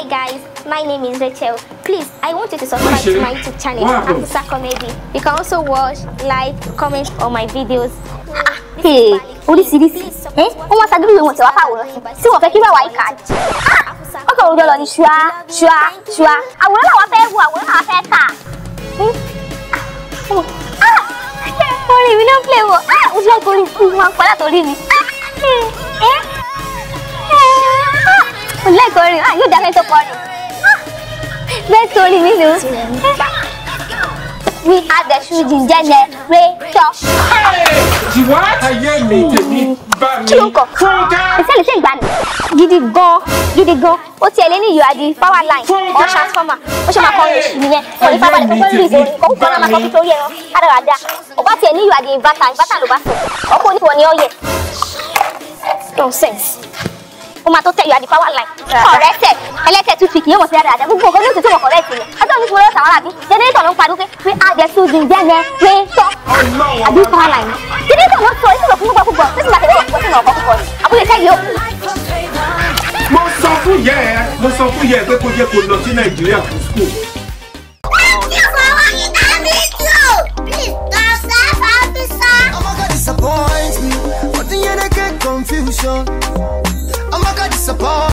Hi guys, my name is Rachel. Please, I want you to subscribe Rachel. to my YouTube channel, Afisa Comedy. You can also watch, like, comment on my videos. Ah, hey, oríṣiríṣi. this. Eh, máa ṣàdúró ìwọ̀n tí wàá fàwòrán sí. Tí wọ́n fẹ́ kí bàwá yìí kà á. Ah! Ó kàn rojọ́ lọ ní ṣúá ṣúá ṣúá. Àwòrán làwọn fẹ́ wo àwòrán làwọn fẹ́ kà. Hmm? Ah! Orin mi náà ń pè wò. Ah! Ó ṣe é gorí fún mi, máa ń padà torí mi. Hmm. Eh? n lẹ́kọ̀ọ́ rìn ah yóò dákẹ́ tó kọrin bẹ́ẹ̀ torí mi we are the shooting generator. jìwá ayé mi tèmi bá mi. kí ló ń kọ fúnká. ìṣẹ̀lẹ̀ ṣe ń gbà mí gidi gan gidi gan ó tiẹ̀ lé ní ìyọ̀ adi power line or transformer ó ṣe máa ni, orin nìyẹn kò ní fáwọn ẹ̀kọ́ lórí ìṣòro kò kọ́ náà máa kọ́ ada ẹ̀rọ adáradá ó bá tiẹ̀ ní ìyọ̀ adi inverter inverter ló bá sọ ọkọ̀ oníwọ̀ ni ó yẹ nonsense o máa tó tẹ̀ yọ àdìpá wà láì kọ̀rẹ́tẹ̀ ẹlẹ́tẹ̀ tún fi kì í mọ̀ sí dáadáa àti gbogbo ọgbọ́n yóò wọ̀ kọ̀rẹ́tì yẹn ọjọ́ mi ti wọlé ọ̀sán aláàbí ló ń parí pé pé àjẹ sódì jẹ́nẹ́ pé tọ́ àbí pa láì ní. jẹnẹrétọ̀ ló sọ ìṣòro fún gbogbo púpọ̀ nígbà tí wọ́n ti nà ọkọ̀ púpọ̀ ni àbúlé tẹ́ yóò. mo sọ fún yẹ mo sọ fún yẹ pé kó jẹ kó lọ sí nàìjíríà oh confusion. support.